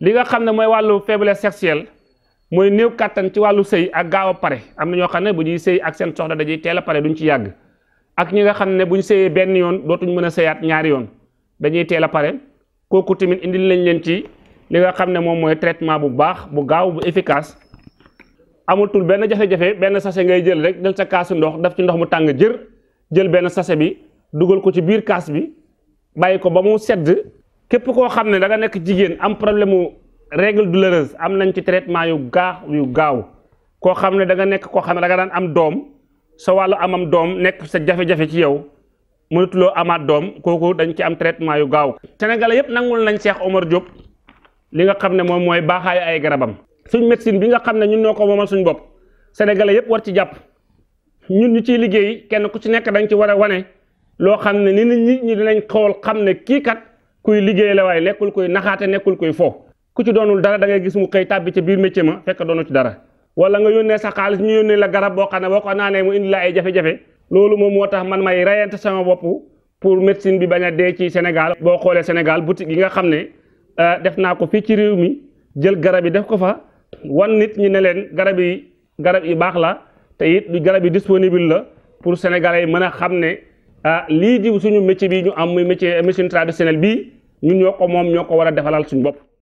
li nga xam ne mooy wàllu faiblesse sexuelle mooy néew kàttan ci wàllu sëy ak gaaw a pare am na ñoo xam ne bu ñuy sëy ak seen soxna dañuy teel a pare duñ ci yàgg ak ñi nga xam ne buñ ñu sëyee benn yoon dootuñ mën a sëyaat ñaari yoon dañuy teel a pare kooku tamit indil lañ leen ci li nga xam ne moom mooy traitement bu baax bu gaaw bu efficace amatul benn jafe-jafe benn sachet ngay jël rek jël sa kaasu ndox daf ci ndox mu tàng jër jël benn sachet bi dugal ko ci biir kaas bi bàyyi ko ba mu sedd képp koo xam ne danga nekk jigéen am problème mu règle douloureuse am nañ ci traitement yu gaax yu gaaw koo xam ne danga nekk koo xam ne danga nga daan am doom sa wàllu amam doom nekk sa jafe ci yow mënatuloo amaat doom kooku dañ ci am traitement yu gaaw. Sénégalais yépp nangul nañ Cheikh Omar Diop li nga xam ne moom mooy baaxaayu ay garabam suñ médecine bi nga xam ne ñun noo ko moom moomal suñ bopp Sénégalais yépp war ci jàpp ñun ñu ciy liggéey kenn ku ci nekk dañ ci war a wane loo xam ne ni nit ñi xam kii kat. kuy liggéey la waaye nekkul kuy naxaate nekkul kuy fo ku ci doonul dara da ngay gis mu xëy tàbbi ca biir métier ma fekk doonu ci dara wala nga yónnee sa xaalis ñu yónnee la garab boo xam ne boo ko naanee mu indi la ay jafe-jafe loolu moom moo tax man may rayante sama bopp pour médecine bi bañ a dee ci Sénégal boo xoolee Sénégal boutique yi nga xam ne euh, def naa ko fii ci réew mi jël garab yi def ko fa wan nit ñi ne leen garab yi garab yi baax la te it garab la pour sénégalais yi mën a xam ne ah lii di suñu métier bi ñu am muy métier ñun ñoo ko moom ñoo ko war a defalal suñu bopp